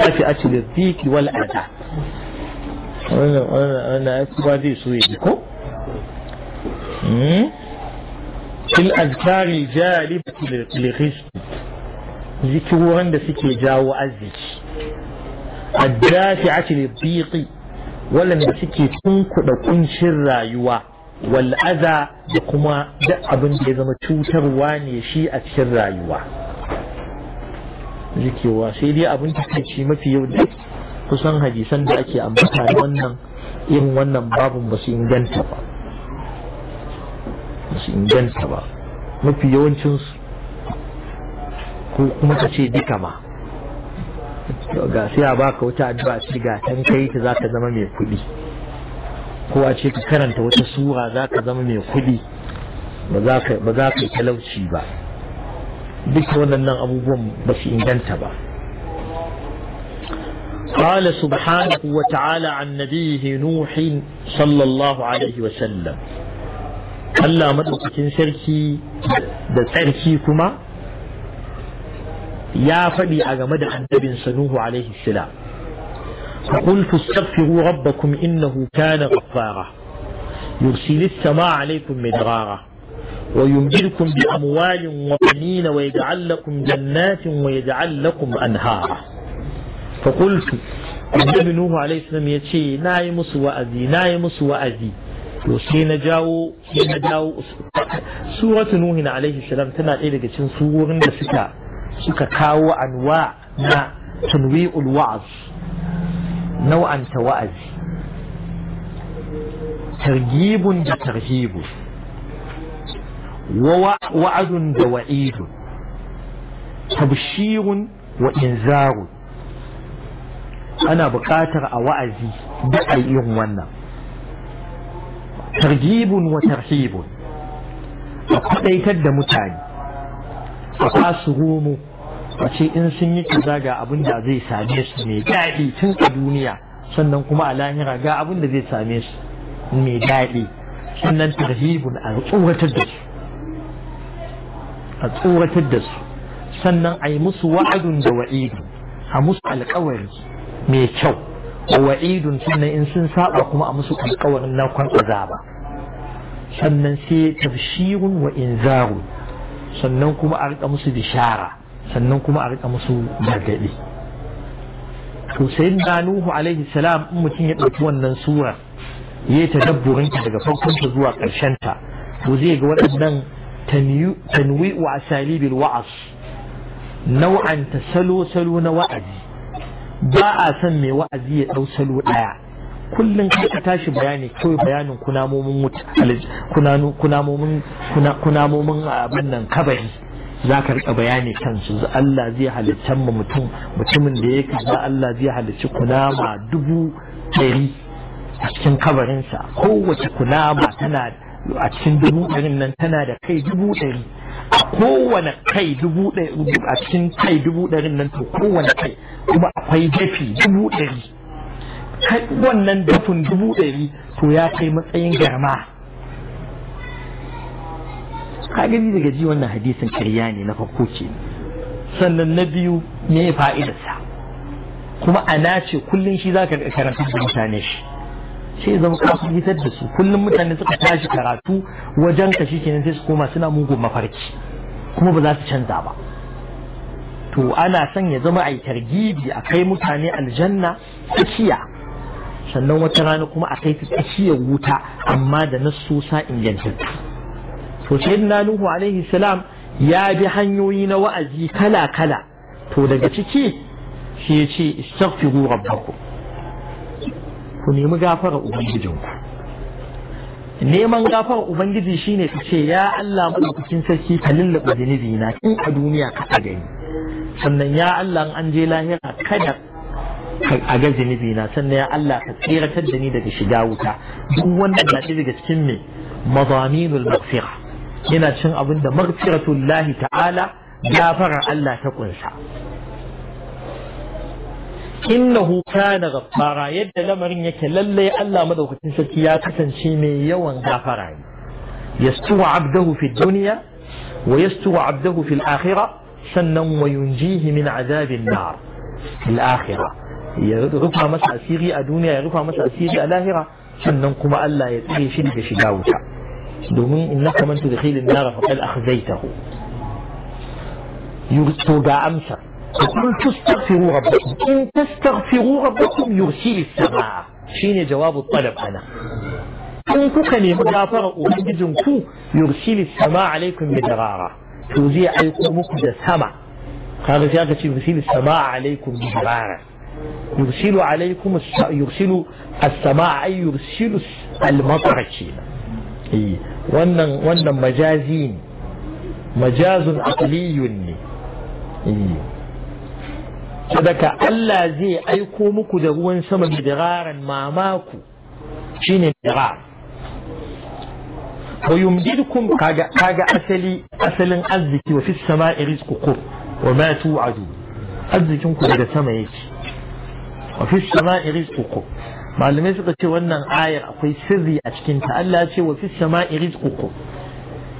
الدافئة للضيق والأذى أنا أكبر ذي سويدكم في الأذكار الجالبة للغش ذكروا عند سكي جاو أزك الدافعة للضيق ولن سكي تنكد كنشر رايوة والأذى كما دأ جزم توتر واني شيء أكشر رايوة jikewa sai dai abin shi mafi yau da kusan hadisan da ake ambata da wannan irin wannan babin ba su inganta ba ba su inganta ba mafi yawancinsu ko kuma ka ce duka ma ga sai a baka wata addu'a ce ga tan kai ta zaka zama mai kuɗi ko a ce ka karanta wata sura zaka zama mai kuɗi ba za ka yi talauci ba duka waɗannan abubuwan بس إن inganta قال سبحانه وتعالى عن نبيه نوح صلى الله عليه وسلم ألا مدرك سركي دتركي كما يا فبي أغمد عن نبي سنوه عليه السلام فقلت استغفروا ربكم إنه كان غفارا يرسل السماء عليكم مدرارا ويمددكم بأموال وبنين ويجعل لكم جنات ويجعل لكم أنهارا فقلت النبي نوح عليه السلام يتشي نايمس وأذي نايمس وأذي وسين جاو سين جاو سورة نوح عليه السلام تنا إلى إيه جسم سورة سكا سكا كاو أنواع ما تنويع الوعظ نوعا توأذي ترجيب وترهيب wa'adun da تبشير tabshirun wa بقاتر ana buƙatar a wa'azi duk a تد wannan targibun wa tarhibun a da mutane romo in sun yi kaza ga abin da zai same su mai daɗi tun a duniya sannan kuma a lahira ga abin da zai same su mai daɗi sannan tarhibun a tsoratar da su a tsoratar da su sannan a yi musu wa'adun da wa'idu a musu alkawari mai kyau a wa'idun sannan in sun saba kuma a musu alkawarin nakon azaba sannan sai tafshirun wa inzarun sannan kuma a rika musu bishara sannan kuma a rika musu gargaɗi to sai nuhu alaihi salam in mutum ya ɗauki wannan sura ya yi tadabburinta daga farkonta zuwa ƙarshenta to zai ga waɗannan tanwi'u asalibil wa'az nau'an ta salo salo na wa'azi ba a son mai wa'azi ya dau salo daya kullum kai ka tashi bayani kawai bayanin kunamomin wuta kunamomin kunamomin abin nan kabari za ka rika bayani kansu Allah zai halicci mu mutum mutumin da ya kaza Allah zai halicci kunama dubu ɗari a cikin kabarinsa kowace kunama tana a cikin dubu ɗarin nan tana da kai dubu ɗari a kowane kai dubu ɗari a cikin kai dubu ɗarin nan to kowane kai kuma akwai dafi dubu ɗari wannan dafin dubu ɗari to ya kai matsayin garma ka gani daga ji wannan hadisin karya ne na farko ce sannan na biyu ne fa'idarsa kuma ana ce kullum shi za ka karanta da mutane shi sai zama ka fitar da su kullum mutane suka tashi karatu wajen ka shi kenan sai su koma suna mugun mafarki kuma ba za su canza ba to ana son ya zama aikar targibi a kai mutane aljanna tsakiya sannan wata rana kuma a kai ta tsakiya wuta amma da nassosa ingantattu to na nuhu alaihi salam ya bi hanyoyi na wa'azi kala kala to daga ciki shi ya ce istaghfiru rabbakum ku nemi gafara ubangijinku neman gafara ubangiji shine ka ce ya Allah cikin sarki ka lullaba zunubi na in a duniya ka a gani sannan ya Allah an je lahira kada a ga zunubi na sannan ya Allah ka tseratar da ni daga shiga wuta duk wanda na daga cikin me mazaminul maghfira yana cin abin da maghfiratullahi ta'ala gafarar Allah ta kunsa إنه كان غفارا يد لمرين يكللي ألا مدوك تنسكي يا تتنشي مي يوان غفارا يستوى عبده في الدنيا ويستوى عبده في الآخرة سنا وينجيه من عذاب النار في الآخرة يغفى مسعى سيغي أدوني يغفى مسعى سيغي الآخرة سنا قم ألا يتغي شرك شداوك دومين إنك من تدخيل النار فقد أخذيته يغفى أمسك تقول تستغفروا ربكم إن تستغفروا ربكم يرسل السماء شين جواب الطلب أنا إن كوكا لمغافرة أبنجزنكو يرسل السماء عليكم بدرارة توزيع عليكم مكد السماء قال سيادة يرسل السماء عليكم بدرارة يرسل عليكم الس... يرسل السماء أي يرسل المطر شين ونن ونن مجازين مجاز عقلي sadaka Allah zai aiko muku da ruwan sama bidiraran mamaku shine bidirar wa yumdidkum kaga kaga asali asalin arziki wa fis sama'i rizqukum wa ma tu'adu arzikin ku daga sama yake wa fis sama'i rizqukum malamai suka ce wannan ayar akwai sirri a cikin ta Allah ya ce wa fis sama'i rizqukum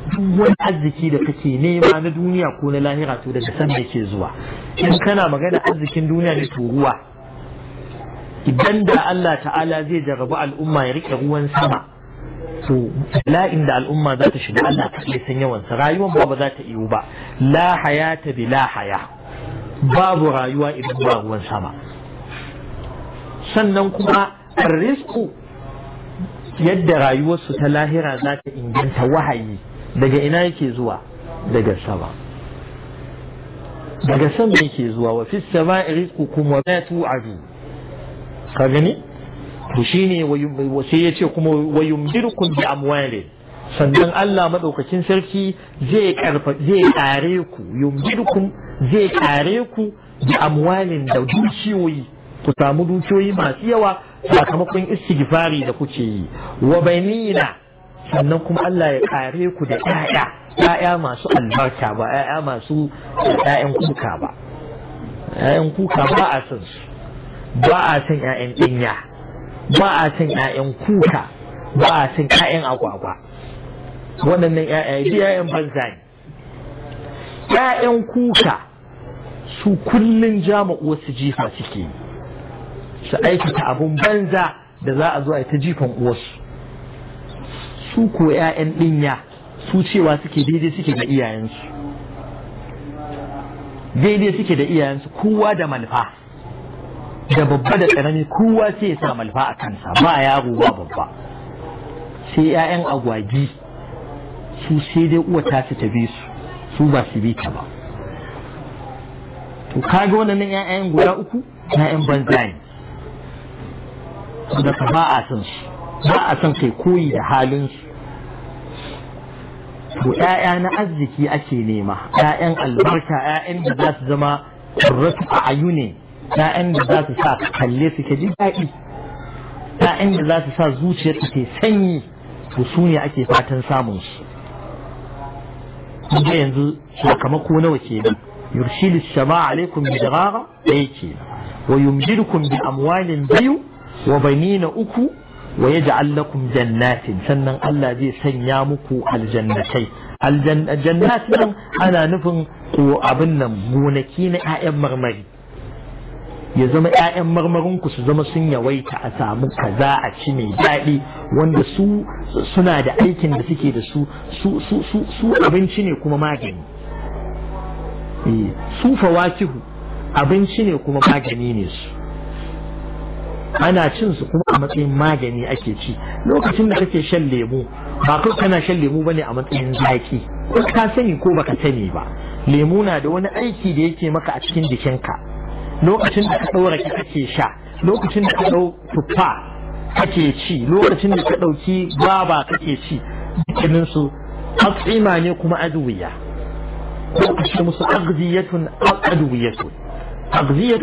duk wani arziki da kake nema na duniya ko na lahira to daga san da ke zuwa in kana magana arzikin duniya ne to ruwa idan da Allah ta'ala zai jarabi al'umma ya rike ruwan sama to la'in da al'umma za ta shiga Allah ta iya san yawansa rayuwar ba ba za ta iyo ba la hayata bi la haya babu rayuwa idan ba ruwan sama sannan kuma risko. yadda rayuwarsu ta lahira za ta inganta wahayi daga ina yake zuwa daga sama daga sama yake zuwa wa fi sama'i rizqukum wa ma azu ka gani to shine sai yace kuma wa yumdirukum bi amwalin sannan Allah madaukakin sarki zai karfa zai kare ku yumdirukum zai kare ku bi amwalin da dukiyoyi ku samu dukiyoyi masu yawa sakamakon istighfari da kuke yi wa bainina sannan kuma Allah ya kare ku da ƴaƴa ƴaƴa masu albarka ba ƴaƴa masu ƴaƴan kuka ba ƴaƴan kuka ba a son su ba a son ƴaƴan dinya ba a son ƴaƴan kuka ba a son ƴaƴan agwagwa waɗannan ƴaƴa bi ƴaƴan banza ne ƴaƴan kuka su kullun jama su jifa suke su aikata abun banza da za a zo a ta jifan uwarsu su ko 'ya'yan ɗinya su cewa suke daidai suke da iyayensu daidai suke da iyayensu kowa da malfa da babba da ƙarami kowa sai ya sa malfa a kansa ba yaro ba babba sai 'ya'yan agwagi su sai dai uwa ta su ta bi su su ba su bi ta ba to kaga wannan 'ya'yan guda uku 'ya'yan banza ne da ba a sun su ba a son kai koyi da halinsu to ‘ya'ya na arziki ake nema ‘ya'yan albarka ‘ya'yan da za su zama rasu a ayu ne ‘ya'yan da za su sa kalle su ji daɗi ‘ya'yan da za su sa zuciyar ke sanyi to su ne ake fatan samun su kuma yanzu sakamako nawa ke nan yurshilu shama alaikum bi dirara ɗaya ke wa yumjidukum bi amwalin biyu wa banina uku wa yaj'al lakum jannatin sannan Allah zai sanya muku aljannatai aljannatin ana nufin ko abin nan gonaki na 'ya'yan marmari ya zama 'ya'yan marmarin ku su zama sun yawaita a samu kaza a ci mai daɗi wanda su suna da aikin da suke da su su su su abinci ne kuma magani eh, su fawakihu abinci ne kuma magani ne su ana cin su kuma a matsayin magani ake ci lokacin da kake shan lemu ba kai kana shan lemu bane a matsayin zaki ko ka sani ko baka sani ba lemu na da wani aiki da yake maka a cikin jikinka lokacin da ka daura ki kake sha lokacin da ka dau tuffa kake ci lokacin da ka dauki baba kake ci dukkanin su ne kuma adwiya ko kashe musu agziyatun adwiyatun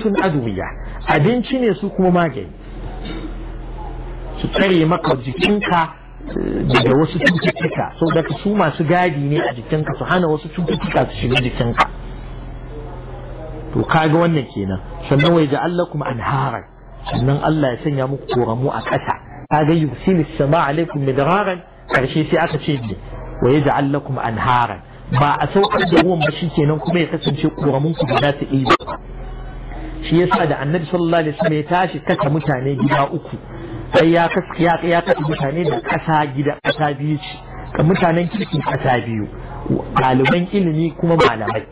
tun adwiya abinci ne su kuma magani su tsare maka jikinka eh, daga wasu cututtuka sau da su masu gadi ne a jikinka su hana wasu cututtuka su shiga jikinka to kaga wannan kenan sannan wai kuma anharan sannan Allah ya sanya muku koramu a ƙasa kaga yusilis sama alaikum midraran karshe sai aka ce ne wa Allah kuma anharan ba a saukar da ruwan ba shikenan kuma ya kasance koramun ku da za su iya shi yasa da annabi sallallahu alaihi wasallam ya tashi kaka mutane gida uku sai ya kaskiya ya kaka mutane da kasa gida kasa biyu ce mutanen kirki kasa biyu ɗaliban ilimi kuma malamai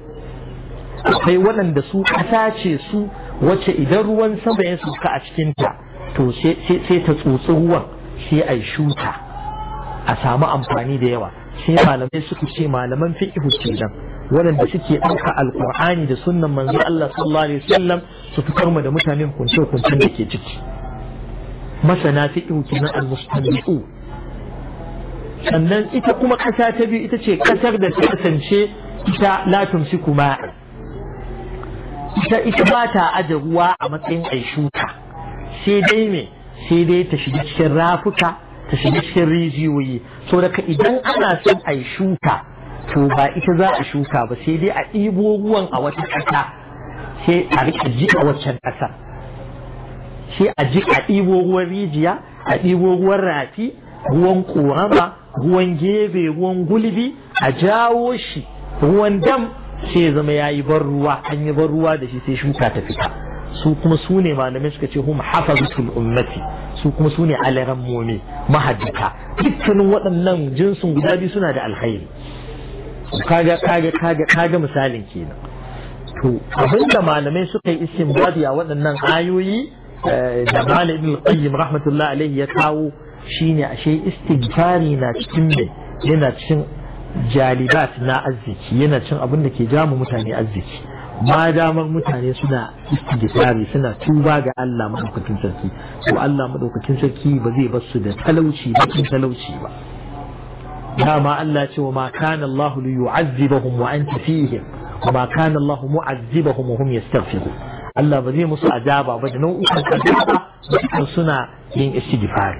sai waɗanda su kasa ce su wacce idan ruwan sama ya sauka a cikinta to sai ta tsotsi ruwan sai a shuka a samu amfani da yawa sai malamai suka ce malaman fiqhu kenan waɗanda suke ɗauka alƙur'ani da sunnan manzo Allah sallallahu alaihi wasallam su fitar mu da mutane hukunce kuncen da ke ciki masana fiqh kenan al-mustanbi'u sannan ita kuma ƙasa ta biyu ita ce ƙasar da ta kasance ita la tumsiku ita ita ba ta aje ruwa a matsayin ai shuka sai dai me sai dai ta shiga cikin rafuka ta shiga cikin rijiyoyi so daga idan ana son ai shuka to ba ita za a shuka ba sai dai a ɗibo ruwan a wata ƙasa sai a rika a waccan ƙasar sai a ji a ɗibo ruwan rijiya a ɗibo ruwan rafi ruwan ƙorama ruwan gebe ruwan gulbi a jawo shi ruwan dam sai zama ya yi ban ruwa an yi bar ruwa da shi sai shuka ta fita su kuma su ne malamai suka ce hum hafazatul ummati su kuma su ne alaran momi mahaddata dukkanin waɗannan jinsin guda biyu suna da alkhairi kaga kaga kaga kaga misalin kenan to abinda malamai suka yi istinbadi a waɗannan ayoyi eh, da malam ibn qayyim rahmatullahi alaihi ya kawo shine ashe istighfari na cikin me yana cikin jalibat na arziki yana cin abin da ke jamu mutane arziki ma damar mutane suna istighfari suna tuba ga Allah madaukakin sarki to Allah madaukakin sarki ba zai bar su da talauci ba talauci ba dama Allah ce wa ma kana Allah li yu'azzibahum wa anta fihim wa ma kana Allah mu'azzibahum wa hum yastaghfirun Allah ba zai musu azaba ba da nau'ukan azaba Ba suna yin istighfar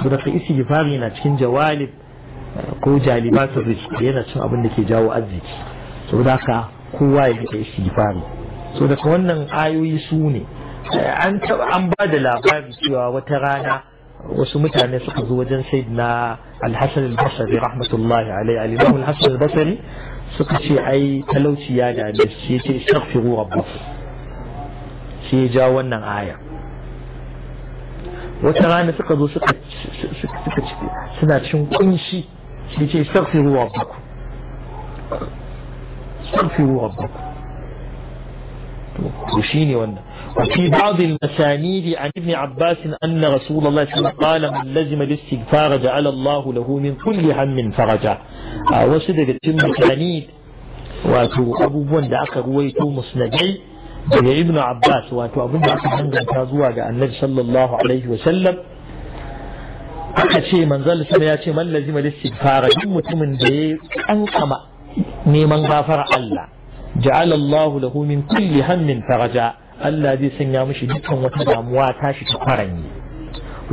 saboda ka istighfar yana cikin jawalib eh, ko jalibatu rizq yana cin abin ke jawo arziki saboda ka kowa ya yi istighfar saboda wannan ayoyi su ne eh, an taba an ba da labari cewa wata rana wasu mutane suka zo wajen sayyidina al-hasan al-basri rahmatullahi alaihi al alhassan al-hasan al suka ce ai talauci ya dame shi yace istaghfiru rabbakum shi ya jawo wannan aya wata rana suka zo suka suka suna cin kunshi shi yace istaghfiru rabbakum istaghfiru rabbakum to shi ne wannan في بعض المسانيد an ابن عباس أن رسول الله صلى الله عليه وسلم قال من لزم الاستغفار جعل الله له من كل هم فرجا وصدق المسانيد wato abubuwan da aka ruwaito musnadai daga ibnu abbas wato abin aka danganta zuwa ga annabi sallallahu alaihi wa sallam aka ce manzal sama ya ce man lazima istighfara duk mutumin da ya kankama neman gafara Allah ja'ala Allahu lahu min kulli hamin faraja Allah zai sanya mishi dukkan wata damuwa ta shi ta kwaranye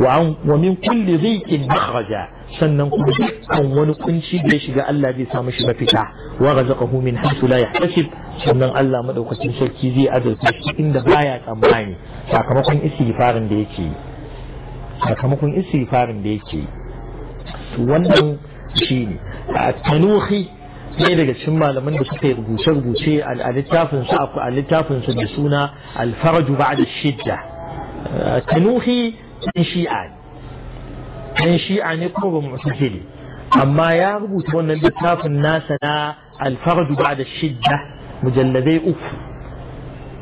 wa min kulli dhiqin makhraja sannan kuma dukkan wani kunci da ya shiga Allah zai sa mishi mafita wa razaqahu min haythu la yahtasib sannan Allah madaukakin sarki zai azurta shi inda baya tsammani sakamakon istighfarin da yake yi sakamakon istighfarin da yake yi wannan shine at ɗaya daga cikin malaman da suka yi rubuce-rubuce a littafin su a littafin su da suna alfaraju ba da shidda eh, tanuhi ɗan shi'a ne ɗan shi'a ne kuma ba mu'tazili amma ya rubuta wannan littafin nasa na alfaraju ba da shidda mujalladai uku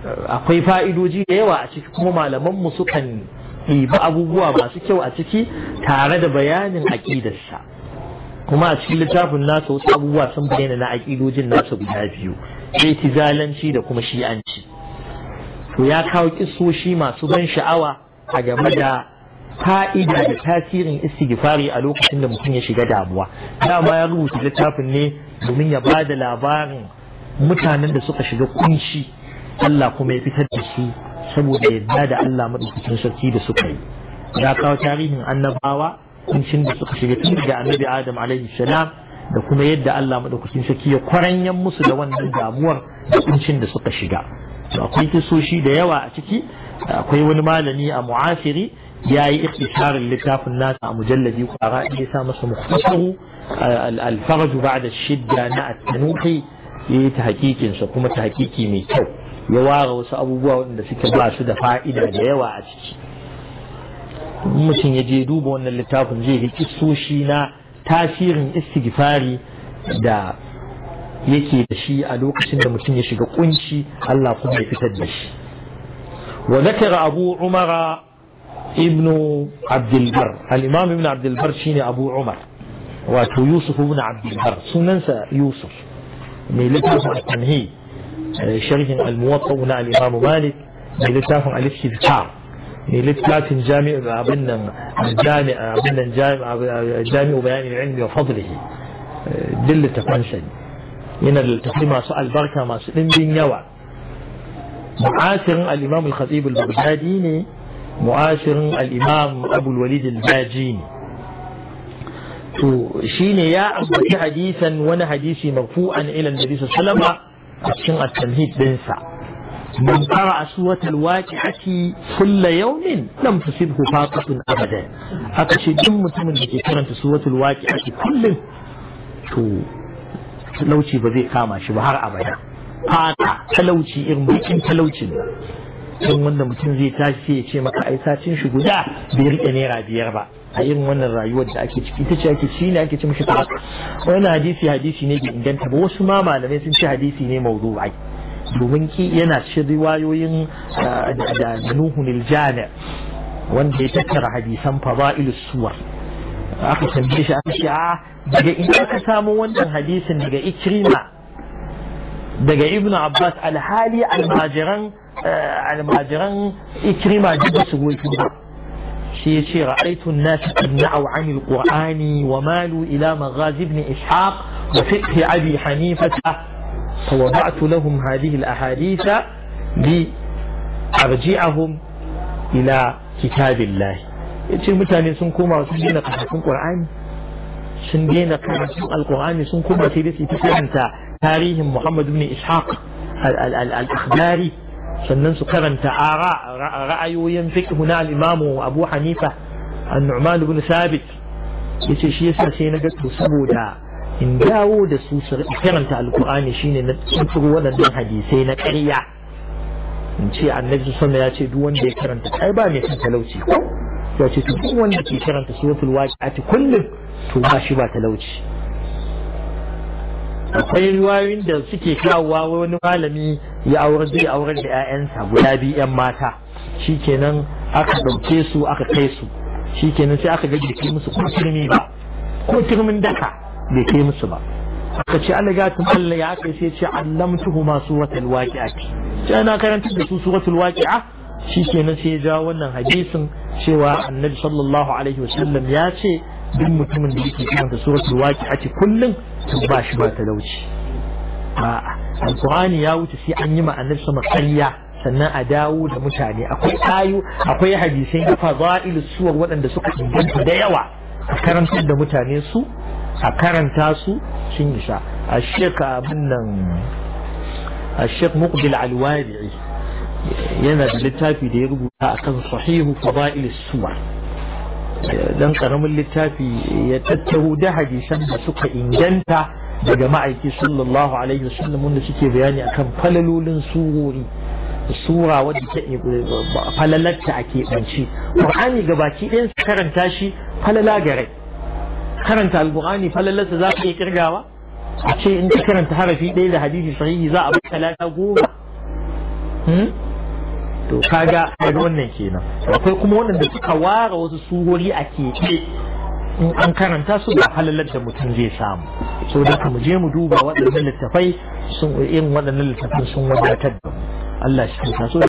eh, akwai fa'idoji da yawa a ciki kuma malaman mu sukan ɗibi abubuwa masu kyau a ciki tare da bayanin aƙidarsa kuma a cikin littafin nasa wasu abubuwa sun bayyana na aƙidojin nasa guda biyu zalanci da kuma shi'anci to ya kawo kisoshi masu ban sha'awa a game da fa'ida da tasirin istighfari a lokacin da mutum ya shiga damuwa dama ya rubuta littafin ne domin ya ba da labarin mutanen da suka shiga kunci Allah kuma ya fitar da su saboda yadda da Allah maɗaukacin sarki da suka yi ya kawo tarihin annabawa kuncin da suka shiga tun daga annabi adam alaihi salam da kuma yadda Allah madaukakin saki ya kwaranyan musu da wannan damuwar da kuncin da suka shiga to akwai kisoshi da yawa a ciki akwai wani malami a mu'asiri ya yi iktisharin littafin nasa a mujalladi kwara ya sa masa mukhtasaru al-faraj ba'da shidda na at-tanuhi yi ta hakikinsa kuma ta hakiki mai kyau ya ware wasu abubuwa wanda suke ba su da fa'ida da yawa a ciki mutum ya je duba wannan littafin zai ga kisoshi na tasirin istighfari da yake da shi a lokacin da mutum ya shiga kunci Allah kuma ya fitar da shi wa zakara abu umara ibn abdulbar al-imam ibn abdulbar shine abu umar wato yusuf ibn abdulbar sunansa yusuf mai littafin tanhi eh, sharhin al-muwatta na al-imam malik mai littafin al-istizkar إيه، ليت لكن جامع عبنا جامع عبنا جامع جامع وبيان العلم وفضله إيه، دل تفنشن ان التقيمه سؤال بركه ما سلم بين يوا معاشر الامام الخطيب البغدادي معاشر الامام ابو الوليد الباجيني تو يا ابو حديثا وانا حديثي مرفوعا الى النبي صلى الله عليه وسلم عشان التمهيد بنسى من قرأ سورة الواقعة كل يوم لم تصبه فاقة أبدا أكشي دم متمن بكثرة سورة الواقعة كل تو talauci ba zai kama shi ba har abada fata talauci irin bakin talaucin ba in wanda mutum zai tashi ya ce maka ai sacin shi guda bai rike naira biyar ba a irin wannan rayuwar da ake ciki ita ce ake shi ne ake ci mishi talaka wannan hadisi hadisi ne bai inganta ba wasu ma malamai sun ci hadisi ne mawdu'ai domin ki yana cikin riwayoyin ah, da nuhun wanda ya tattara hadisan fada'ilus suwar aka tambaye shi aka ce a ah, daga ina ka samu wannan hadisin daga ikrima daga ibnu abbas alhali almajiran ah, almajiran ikrima duk su goyi ba shi ya ce ra'aitun nasu na'au anil qur'ani wa malu ila maghazi ibn ishaq wa fiqh abi hanifata فوضعت لهم هذه الأحاديث لأرجعهم إلى كتاب الله يقول متاني سنكوما سنجينا قرآن قرآن سنجينا قرآن القرآن سنكوما سيدسي تسعين تاريهم محمد بن إسحاق الأخباري سنن سكرن تآراء رأي ينفك هنا الإمام أبو حنيفة النعمان بن ثابت يتشيس سينجت سبودا in dawo da su su karanta alkur'ani shine na tsuru waɗannan hadisai na ƙarya in ce annabi sama ya ce duk wanda ya karanta ai ba mai talauci ko ya ce duk wanda ke karanta suratul waqi'ati kullum to ba shi ba talauci akwai riwayoyin da suke kawowa wani malami ya aure da aurar da 'ya'yansa guda biyu 'yan mata shikenan aka ɗauke su aka kai su shikenan sai aka gaje musu ko turmi ba ko turmin daka bai kai musu ba aka ce Allah ya tun Allah ya aka sai ce allamtuhu ma suratul waqi'ati sai na karanta da su suratul waqi'a shikenan sai ya ja wannan hadisin cewa annabi sallallahu alaihi wasallam ya ce duk mutumin da yake karanta suratul waqi'ati kullum to ba shi ba talauci a'a alqur'ani ya wuce sai an yi ma'anar sa sama sannan a dawo da mutane akwai ayu akwai hadisai na fadailu suwar waɗanda suka inganta da yawa a karantar da mutane su a karanta su sun isa a shek abin nan a shek muqbil alwadi'i yana da littafi da ya rubuta akan sahihu fada'il suwar dan karamin littafi ya tattaro da hadisan da suka inganta daga ma'aiki sallallahu alaihi wasallam wanda suke bayani akan falalolin surori sura wadda ta falalarta a keɓance ƙur'ani gabaki ɗayan karanta shi falala gare karanta alqur'ani falalarsa za ka iya kirgawa a ce in ka karanta harafi ɗaya da hadisi sahihi za a baka lada goma hmm? to kaga daga wannan kenan akwai kuma waɗanda suka ware wasu suhori a keke in an karanta su ba falalar da mutum zai samu so da mu je mu duba waɗannan littafai sun irin waɗannan littafan sun wadatar da Allah shi ta so